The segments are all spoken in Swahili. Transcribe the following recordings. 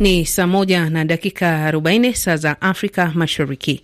Ni saa moja na dakika 40 saa za Afrika Mashariki.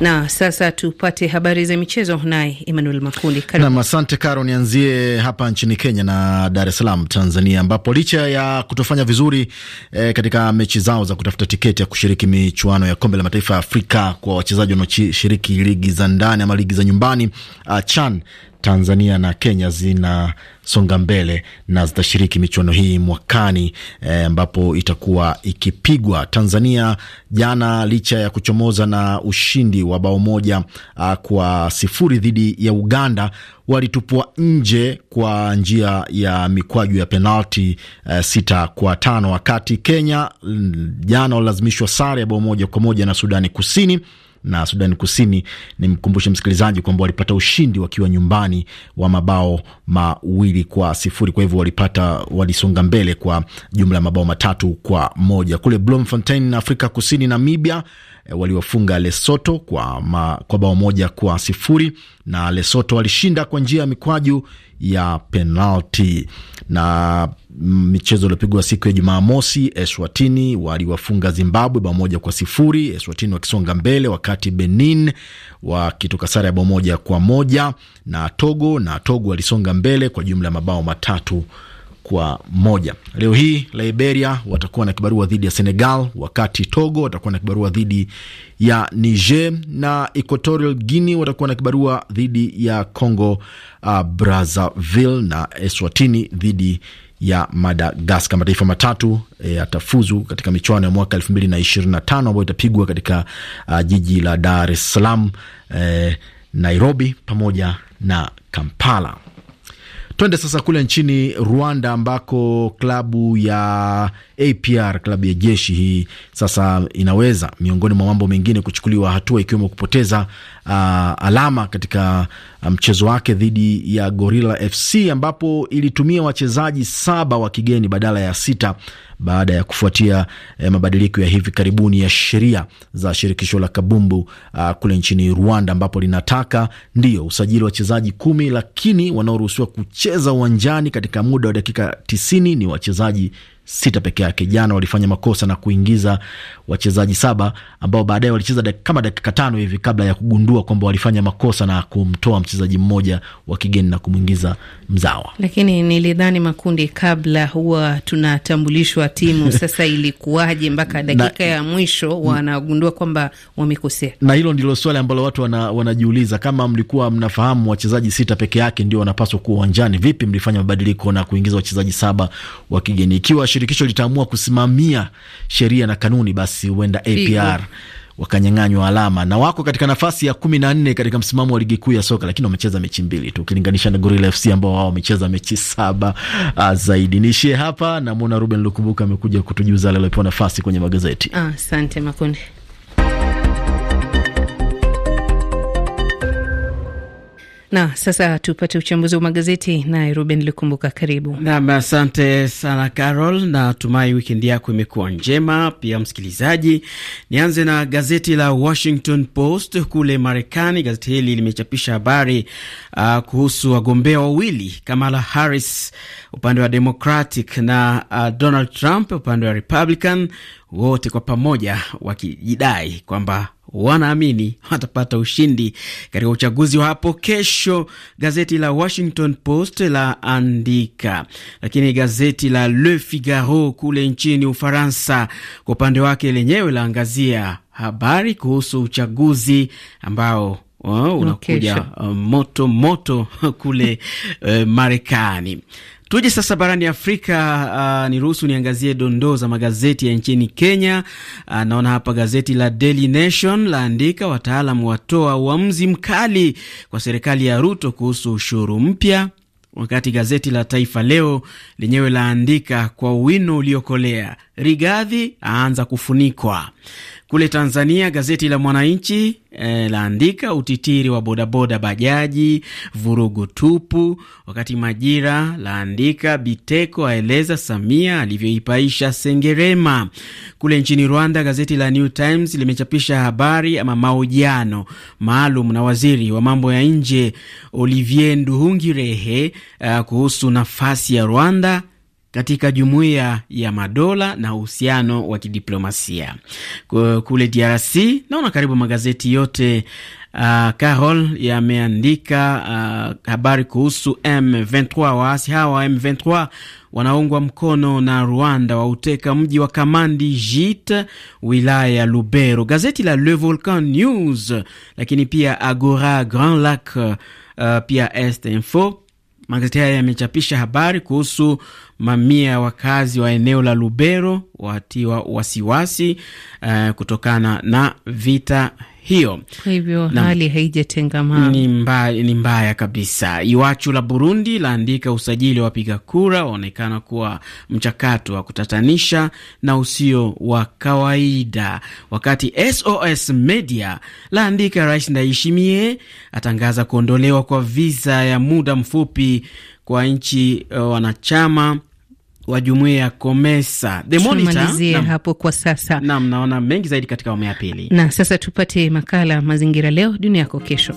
Na sasa tupate habari za michezo naye Emmanuel Makundi. Nam, asante Karo. Nianzie hapa nchini Kenya na Dar es Salaam, Tanzania, ambapo licha ya kutofanya vizuri eh, katika mechi zao za kutafuta tiketi ya kushiriki michuano ya kombe la mataifa ya Afrika kwa wachezaji wanaoshiriki ligi za ndani ama ligi za nyumbani, uh, CHAN, Tanzania na Kenya zinasonga mbele na zitashiriki michuano hii mwakani eh, ambapo e, itakuwa ikipigwa. Tanzania jana, licha ya kuchomoza na ushindi wa bao moja a, ah, kwa sifuri dhidi ya Uganda, walitupwa nje kwa njia ya mikwaju ya penalti e, sita kwa tano, wakati Kenya mm, jana walilazimishwa sare ya bao moja kwa moja na Sudani Kusini na sudani Kusini. Nimkumbushe msikilizaji kwamba walipata ushindi wakiwa nyumbani wa mabao mawili kwa sifuri. Kwa hivyo walipata, walisonga mbele kwa jumla ya mabao matatu kwa moja. Kule Bloemfontein, Afrika Kusini, Namibia Eh, waliwafunga Lesoto kwa, ma, kwa bao moja kwa sifuri na Lesoto walishinda kwa njia ya mikwaju ya penalti. Na mm, michezo iliyopigwa siku ya Jumamosi, Eswatini waliwafunga Zimbabwe bao moja kwa sifuri, Eswatini wakisonga mbele, wakati Benin wakitoka sare ya bao moja kwa moja na Togo, na Togo walisonga mbele kwa jumla ya mabao matatu kwa moja. Leo hii Liberia watakuwa na kibarua dhidi ya Senegal, wakati Togo watakuwa na kibarua dhidi ya Niger na Equatorial Guinea watakuwa na kibarua dhidi ya Congo uh, Brazzaville na Eswatini dhidi ya Madagaskar. Mataifa matatu eh, yatafuzu e, katika michuano ya mwaka elfu mbili na ishirini na tano ambayo itapigwa katika uh, jiji la Dar es Salaam, eh, Nairobi pamoja na Kampala. Twende sasa kule nchini Rwanda ambako klabu ya APR, klabu ya jeshi hii sasa inaweza miongoni mwa mambo mengine kuchukuliwa hatua ikiwemo kupoteza uh, alama katika mchezo um, wake dhidi ya Gorilla FC ambapo ilitumia wachezaji saba wa kigeni badala ya sita baada ya kufuatia eh, mabadiliko ya hivi karibuni ya sheria za shirikisho la kabumbu uh, kule nchini Rwanda ambapo linataka ndio usajili wachezaji kumi, lakini wanaoruhusiwa kucheza uwanjani katika muda wa dakika tisini ni wachezaji sita peke yake. Jana walifanya makosa na kuingiza wachezaji saba ambao baadaye walicheza kama dakika tano hivi kabla ya kugundua kwamba walifanya makosa na kumtoa mchezaji mmoja wa kigeni na kumwingiza mzawa. Lakini nilidhani makundi, kabla huwa tunatambulishwa timu, sasa ilikuwaje mpaka dakika na, ya mwisho wanagundua kwamba wamekosea? Na hilo ndilo swali ambalo watu wana, wanajiuliza kama mlikuwa mnafahamu wachezaji sita peke yake ndio wanapaswa kuwa uwanjani, vipi mlifanya mabadiliko na kuingiza wachezaji saba wa kigeni ikiwa shirikisho litaamua kusimamia sheria na kanuni, basi huenda APR wakanyang'anywa alama na wako katika nafasi ya kumi na nne katika msimamo wa ligi kuu ya soka, lakini wamecheza mechi mbili tu ukilinganisha na Gorilla FC ambao wao wamecheza mechi saba ah, zaidi. Niishie hapa, namwona Ruben Lukumbuka amekuja kutujuza lalopewa nafasi kwenye magazeti. Asante ah, Na sasa tupate uchambuzi wa magazeti naye Ruben Likumbuka, karibu nam. Asante sana Carol, natumai wikendi yako imekuwa njema pia msikilizaji. Nianze na gazeti la Washington Post kule Marekani. Gazeti hili limechapisha habari uh, kuhusu wagombea wawili Kamala Harris upande wa Democratic na uh, Donald Trump upande wa Republican wote kwa pamoja wakijidai kwamba wanaamini watapata ushindi katika uchaguzi wa hapo kesho, gazeti la Washington Post la andika. Lakini gazeti la Le Figaro kule nchini Ufaransa kwa upande wake lenyewe laangazia habari kuhusu uchaguzi ambao Oh, unakuja uh, moto moto kule uh, Marekani. Tuje sasa barani Afrika. Uh, niruhusu niangazie dondoo za magazeti ya nchini Kenya. Uh, naona hapa gazeti la Daily Nation laandika wataalam watoa uamuzi mkali kwa serikali ya Ruto kuhusu ushuru mpya, wakati gazeti la Taifa Leo lenyewe laandika kwa wino uliokolea Rigathi aanza kufunikwa. Kule Tanzania, gazeti la Mwananchi e, laandika utitiri wa bodaboda bajaji, vurugu tupu. Wakati Majira laandika Biteko aeleza Samia alivyoipaisha Sengerema. Kule nchini Rwanda, gazeti la New Times limechapisha habari ama mahojiano maalum na waziri wa mambo ya nje Olivier Nduhungirehe eh, kuhusu nafasi ya Rwanda katika jumuiya ya madola na uhusiano wa kidiplomasia kule DRC. Naona karibu magazeti yote uh, Carol yameandika uh, habari kuhusu M23. Waasi hawa wa M23 wanaungwa mkono na Rwanda wauteka mji wa Kamandi Jit, wilaya ya Lubero. Gazeti la Le Volcan News, lakini pia Agora Grand Lac, uh, pia Est Info Magazeti haya yamechapisha habari kuhusu mamia ya wakazi wa eneo la Lubero watiwa wasiwasi uh, kutokana na vita hiyo. Kwa hivyo hali haijatengamaa, ni mbaya, ni mbaya kabisa. Iwachu la Burundi laandika usajili wa wapiga kura waonekana kuwa mchakato wa kutatanisha na usio wa kawaida, wakati SOS Media laandika Rais Ndayishimiye atangaza kuondolewa kwa visa ya muda mfupi kwa nchi uh, wanachama wa jumuiya ya Komesa. The hapo kwa sasa. Naam, naona mengi zaidi katika awamu ya pili, na sasa tupate makala Mazingira Leo Dunia Yako Kesho.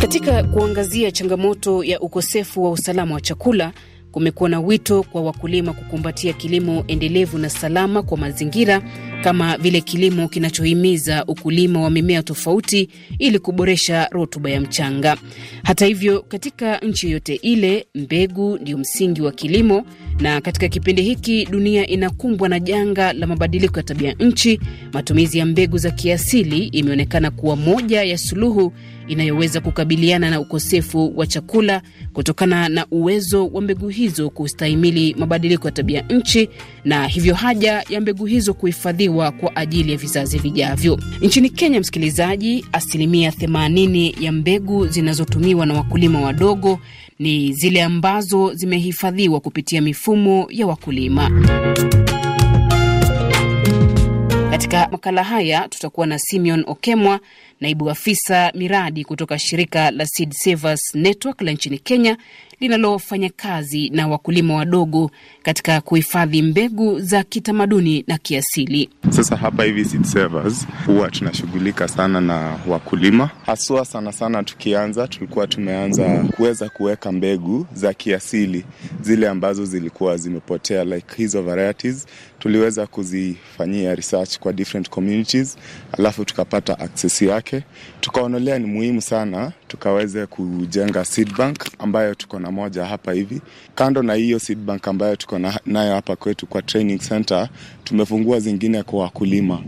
Katika kuangazia changamoto ya ukosefu wa usalama wa chakula, kumekuwa na wito kwa wakulima kukumbatia kilimo endelevu na salama kwa mazingira kama vile kilimo kinachohimiza ukulima wa mimea tofauti ili kuboresha rutuba ya mchanga. Hata hivyo, katika nchi yoyote ile, mbegu ndio msingi wa kilimo, na katika kipindi hiki dunia inakumbwa na janga la mabadiliko ya tabia nchi, matumizi ya mbegu za kiasili imeonekana kuwa moja ya suluhu inayoweza kukabiliana na ukosefu wa chakula kutokana na uwezo wa mbegu hizo kustahimili mabadiliko ya tabia nchi, na hivyo haja ya mbegu hizo kuhifadhi kuhifadhiwa kwa ajili ya vizazi vijavyo. Nchini Kenya, msikilizaji, asilimia 80 ya mbegu zinazotumiwa na wakulima wadogo ni zile ambazo zimehifadhiwa kupitia mifumo ya wakulima. Katika makala haya tutakuwa na Simeon Okemwa naibu afisa miradi kutoka shirika la Seed Savers Network la nchini Kenya linalofanya kazi na wakulima wadogo katika kuhifadhi mbegu za kitamaduni na kiasili. Sasa hapa hivi Seed Savers huwa tunashughulika sana na wakulima haswa, sana sana tukianza, tulikuwa tumeanza kuweza kuweka mbegu za kiasili zile ambazo zilikuwa zimepotea, like hizo varieties tuliweza kuzifanyia research kwa different communities, alafu tukapata access yake yake, tukaonelea ni muhimu sana tukaweze kujenga seed bank ambayo tuko na moja hapa hivi. Kando na hiyo seed bank ambayo tuko nayo hapa kwetu kwa training center, tumefungua zingine kwa wakulima.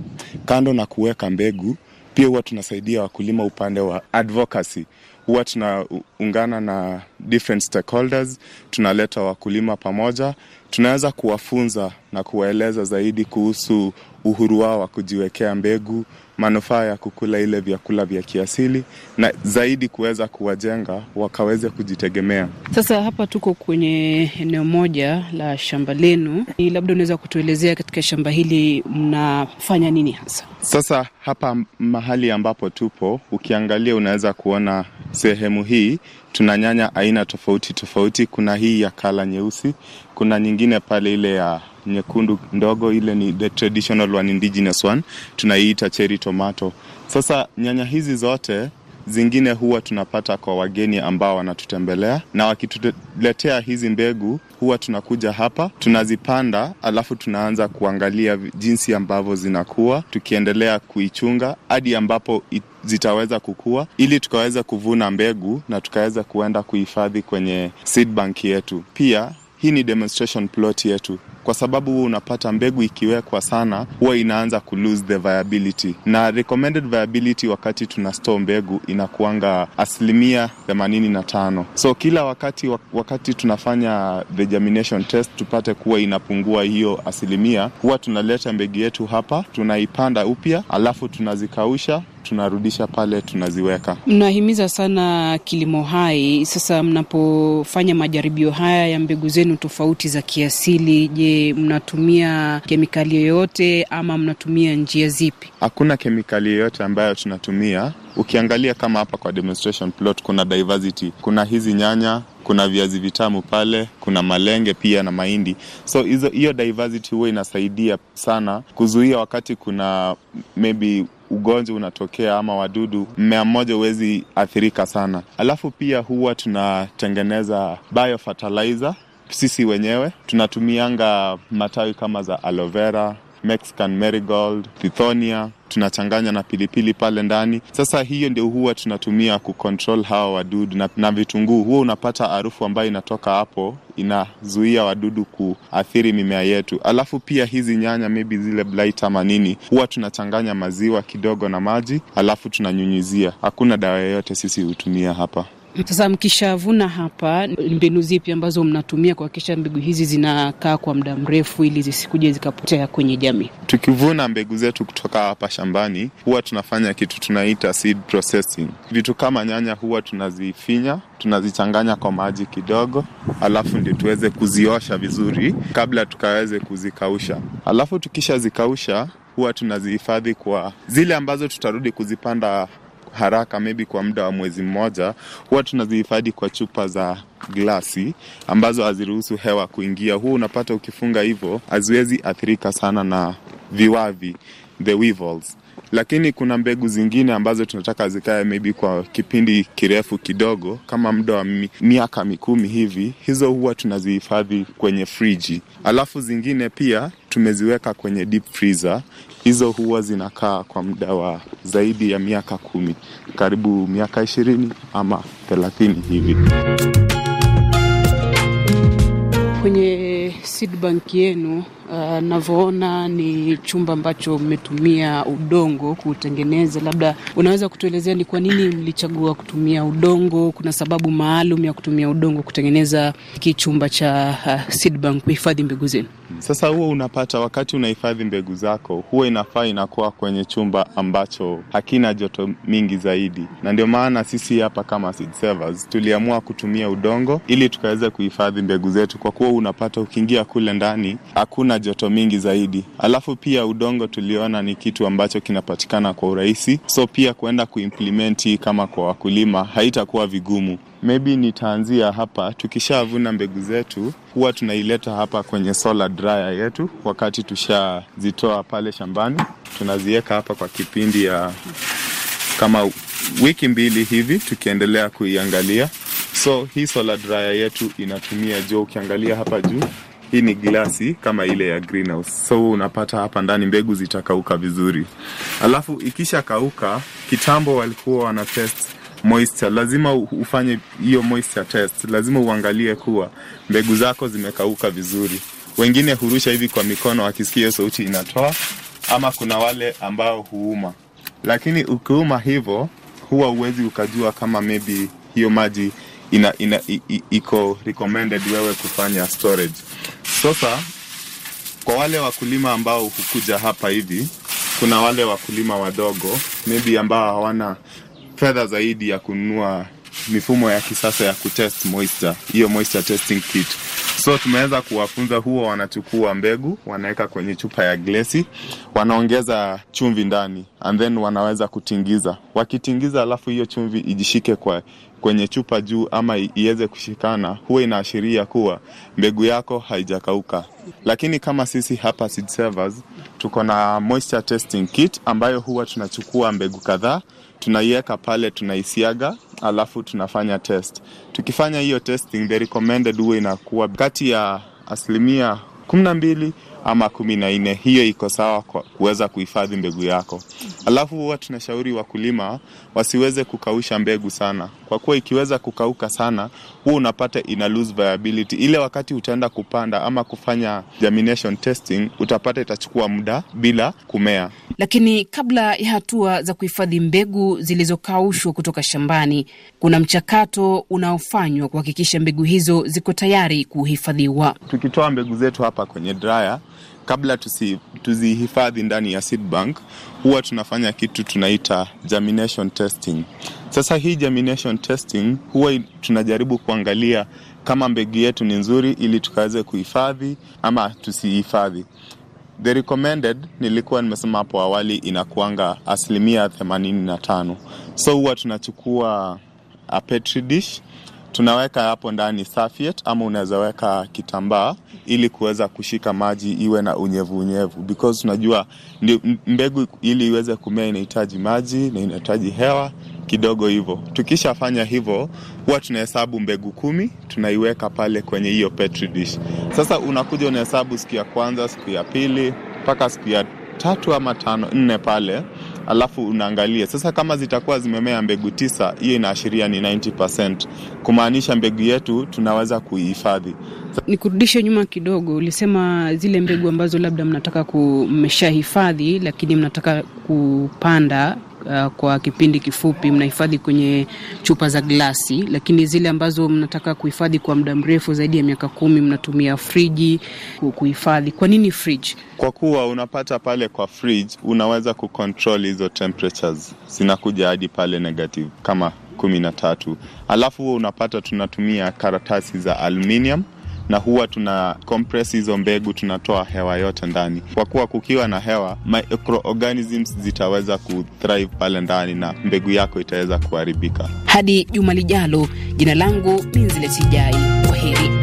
Kando na kuweka mbegu, pia huwa tunasaidia wakulima upande wa advocacy huwa tunaungana na different stakeholders, tunaleta wakulima pamoja, tunaweza kuwafunza na kuwaeleza zaidi kuhusu uhuru wao wa kujiwekea mbegu, manufaa ya kukula ile vyakula vya kiasili na zaidi kuweza kuwajenga wakaweze kujitegemea. Sasa hapa tuko kwenye eneo moja la shamba lenu, labda unaweza kutuelezea katika shamba hili mnafanya nini hasa? Sasa hapa mahali ambapo tupo, ukiangalia unaweza kuona sehemu hii Tuna nyanya aina tofauti tofauti, kuna hii ya kala nyeusi, kuna nyingine pale ile ya nyekundu ndogo, ile ni the traditional one, indigenous one, tunaiita cherry tomato. Sasa nyanya hizi zote zingine huwa tunapata kwa wageni ambao wanatutembelea, na wakituletea hizi mbegu huwa tunakuja hapa tunazipanda, alafu tunaanza kuangalia jinsi ambavyo zinakuwa, tukiendelea kuichunga hadi ambapo zitaweza kukua, ili tukaweza kuvuna mbegu na tukaweza kuenda kuhifadhi kwenye seed bank yetu. Pia hii ni demonstration plot yetu kwa sababu huwa unapata mbegu ikiwekwa sana huwa inaanza ku lose the viability, na recommended viability wakati tuna store mbegu inakuanga asilimia 85. So kila wakati wakati tunafanya the germination test tupate kuwa inapungua hiyo asilimia, huwa tunaleta mbegu yetu hapa tunaipanda upya, alafu tunazikausha tunarudisha pale, tunaziweka. Mnahimiza sana kilimo hai. Sasa mnapofanya majaribio haya ya mbegu zenu tofauti za kiasili, je, mnatumia kemikali yoyote ama mnatumia njia zipi? Hakuna kemikali yoyote ambayo tunatumia. Ukiangalia kama hapa kwa demonstration plot, kuna diversity, kuna hizi nyanya kuna viazi vitamu pale, kuna malenge pia na mahindi. So hizo hiyo diversity huwa inasaidia sana kuzuia wakati kuna maybe ugonjwa unatokea ama wadudu, mmea mmoja huwezi athirika sana. Alafu pia huwa tunatengeneza biofertilizer sisi wenyewe, tunatumianga matawi kama za aloe vera Mexican marigold, thithonia tunachanganya na pilipili pale ndani. Sasa hiyo ndio huwa tunatumia kucontrol hawa wadudu na, na vitunguu huwa unapata harufu ambayo inatoka hapo, inazuia wadudu kuathiri mimea yetu. Alafu pia hizi nyanya maybe zile blight ama nini, huwa tunachanganya maziwa kidogo na maji, alafu tunanyunyizia. Hakuna dawa yoyote sisi hutumia hapa. Sasa mkishavuna hapa, mbinu zipi ambazo mnatumia kuhakikisha mbegu hizi zinakaa kwa muda mrefu ili zisikuje zikapotea kwenye jamii? Tukivuna mbegu zetu kutoka hapa shambani, huwa tunafanya kitu tunaita seed processing. Vitu kama nyanya huwa tunazifinya, tunazichanganya kwa maji kidogo, alafu ndio tuweze kuziosha vizuri kabla tukaweze kuzikausha. Alafu tukishazikausha huwa tunazihifadhi kwa zile ambazo tutarudi kuzipanda haraka maybe kwa muda wa mwezi mmoja, huwa tunazihifadhi kwa chupa za glasi ambazo haziruhusu hewa kuingia. Huu unapata ukifunga hivyo haziwezi athirika sana na viwavi the weevils. Lakini kuna mbegu zingine ambazo tunataka zikae maybe kwa kipindi kirefu kidogo, kama muda wa miaka mikumi hivi, hizo huwa tunazihifadhi kwenye friji, alafu zingine pia tumeziweka kwenye deep freezer. Hizo huwa zinakaa kwa muda wa zaidi ya miaka kumi, karibu miaka ishirini ama thelathini hivi. Kwenye seed bank yenu Uh, navyoona ni chumba ambacho mmetumia udongo kuutengeneza. Labda unaweza kutuelezea ni kwa nini mlichagua kutumia udongo? Kuna sababu maalum ya kutumia udongo kutengeneza hiki chumba cha uh, seed bank kuhifadhi mbegu zenu? Sasa huo unapata wakati unahifadhi mbegu zako, huwa inafaa inakuwa kwenye chumba ambacho hakina joto mingi zaidi, na ndio maana sisi hapa kama seed savers tuliamua kutumia udongo ili tukaweza kuhifadhi mbegu zetu, kwa kuwa unapata ukiingia kule ndani hakuna joto mingi zaidi. Alafu pia udongo tuliona ni kitu ambacho kinapatikana kwa urahisi, so pia kuenda kuimplimenti kama kwa wakulima haitakuwa vigumu. Maybe nitaanzia hapa, tukishavuna mbegu zetu huwa tunaileta hapa kwenye solar dryer yetu. Wakati tushazitoa pale shambani, tunaziweka hapa kwa kipindi ya kama wiki mbili hivi, tukiendelea kuiangalia. So hii solar dryer yetu inatumia jua, ukiangalia hapa juu hii ni glasi kama ile ya greenhouse. So unapata hapa ndani mbegu zitakauka vizuri, alafu ikisha kauka, kitambo walikuwa wana test moisture. Lazima ufanye hiyo moisture test, lazima uangalie kuwa mbegu zako zimekauka vizuri. Wengine hurusha hivi kwa mikono, wakisikia hiyo sauti inatoa, ama kuna wale ambao huuma, lakini ukiuma hivyo huwa uwezi ukajua kama maybe hiyo maji ina, ina, i, i, iko recommended wewe kufanya storage. Sasa kwa wale wakulima ambao hukuja hapa hivi, kuna wale wakulima wadogo maybe ambao hawana fedha zaidi ya kununua mifumo ya kisasa ya kutest moisture, hiyo moisture testing kit. So tumeweza kuwafunza, huwa wanachukua mbegu wanaweka kwenye chupa ya glesi, wanaongeza chumvi ndani and then wanaweza kutingiza. Wakitingiza alafu hiyo chumvi ijishike kwa kwenye chupa juu ama iweze kushikana, huwa inaashiria kuwa mbegu yako haijakauka. Lakini kama sisi hapa Seed Savers tuko na moisture testing kit ambayo huwa tunachukua mbegu kadhaa, tunaiweka pale, tunaisiaga alafu tunafanya test. Tukifanya hiyo testing, the recommended huwa inakuwa kati ya asilimia kumi na mbili ama kumi na nne. Hiyo iko sawa kwa kuweza kuhifadhi mbegu yako. Alafu huwa tunashauri wakulima wasiweze kukausha mbegu sana, kwa kuwa ikiweza kukauka sana, huwa unapata ina lose viability. Ile wakati utaenda kupanda ama kufanya germination testing, utapata itachukua muda bila kumea. Lakini kabla ya hatua za kuhifadhi mbegu zilizokaushwa kutoka shambani, kuna mchakato unaofanywa kuhakikisha mbegu hizo ziko tayari kuhifadhiwa. Tukitoa mbegu zetu hapa kwenye dryer kabla tusi, tuzihifadhi ndani ya seed bank huwa tunafanya kitu tunaita germination testing. Sasa hii germination testing huwa tunajaribu kuangalia kama mbegu yetu ni nzuri ili tukaweze kuhifadhi ama tusihifadhi. The recommended nilikuwa nimesema hapo awali inakuanga asilimia 85. So huwa tunachukua a petri dish tunaweka hapo ndani safiet ama unaweza weka kitambaa ili kuweza kushika maji iwe na unyevu unyevu, because tunajua mbegu ili iweze kumea inahitaji maji na inahitaji hewa kidogo. Hivyo tukishafanya hivyo, huwa tunahesabu mbegu kumi, tunaiweka pale kwenye hiyo petri dish. Sasa unakuja unahesabu siku ya kwanza, siku ya pili, mpaka siku ya tatu ama tano nne pale alafu unaangalia sasa, kama zitakuwa zimemea mbegu tisa, hiyo inaashiria ni 90%, kumaanisha mbegu yetu tunaweza kuihifadhi. Nikurudishe nyuma kidogo, ulisema zile mbegu ambazo labda mnataka mmeshahifadhi, lakini mnataka kupanda uh, kwa kipindi kifupi mnahifadhi kwenye chupa za glasi, lakini zile ambazo mnataka kuhifadhi kwa muda mrefu zaidi ya miaka kumi mnatumia friji kuhifadhi. Kwa nini friji? Kwa kuwa unapata pale kwa friji unaweza kucontrol hizo temperatures zinakuja hadi pale negative kama kumi na tatu, alafu huo unapata tunatumia karatasi za aluminium na huwa tuna compress hizo mbegu, tunatoa hewa yote ndani, kwa kuwa kukiwa na hewa microorganisms zitaweza kuthrive pale ndani na mbegu yako itaweza kuharibika. Hadi juma lijalo, jina langu Minziletijai, kwa heri.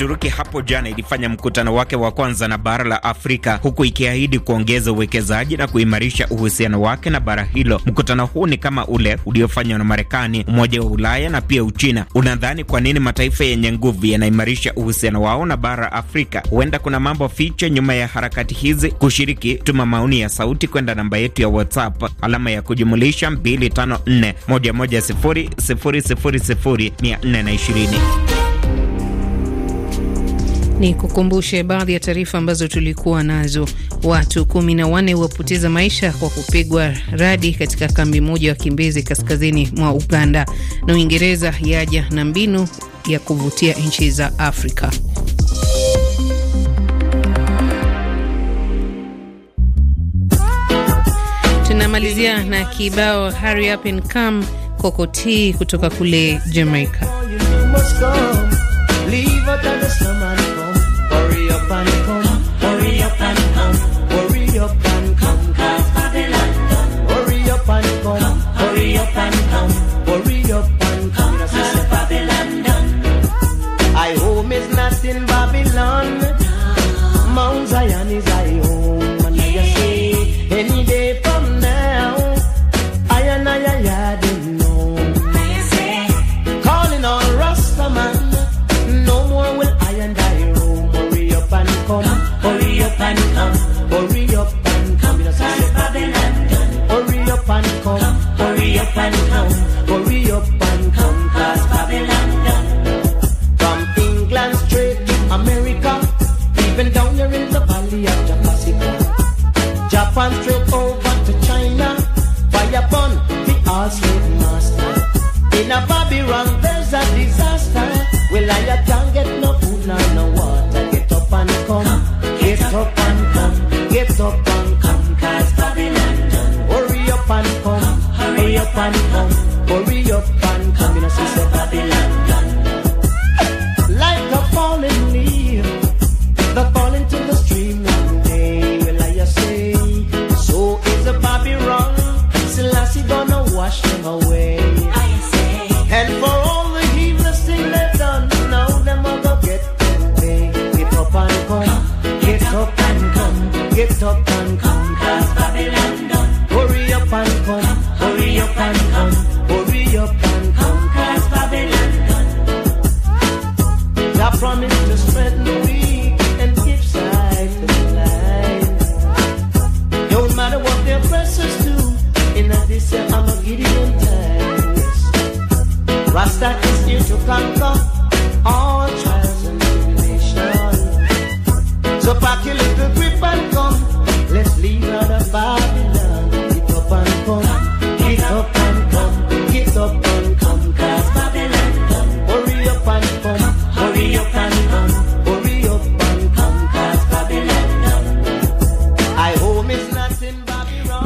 Uturuki hapo jana ilifanya mkutano wake wa kwanza na bara la Afrika huku ikiahidi kuongeza uwekezaji na kuimarisha uhusiano wake na bara hilo. Mkutano huu ni kama ule uliofanywa na Marekani, Umoja wa Ulaya na pia Uchina. Unadhani kwa nini mataifa yenye nguvu yanaimarisha uhusiano wao na bara Afrika? Huenda kuna mambo fiche nyuma ya harakati hizi. Kushiriki, tuma maoni ya sauti kwenda namba yetu ya WhatsApp alama ya kujumulisha 254 110 000 420. Ni kukumbushe baadhi ya taarifa ambazo tulikuwa nazo. Watu kumi na wanne wapoteza maisha kwa kupigwa radi katika kambi moja ya wakimbizi kaskazini mwa Uganda, na Uingereza yaja na mbinu ya kuvutia nchi za Afrika. Tunamalizia na kibao Hurry Up and Come kutoka kule Jamaica. get up and conquer Babylon done. Hurry up and come.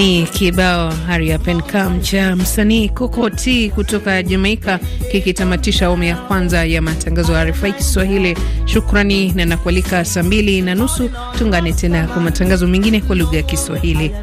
Ni kibao Hurry Up and Come cha msanii Kokoti kutoka Jamaika kikitamatisha awamu ya kwanza ya matangazo ya RFI Kiswahili. Shukrani na nakualika saa mbili na nusu tungane tena kwa matangazo mengine kwa lugha ya Kiswahili.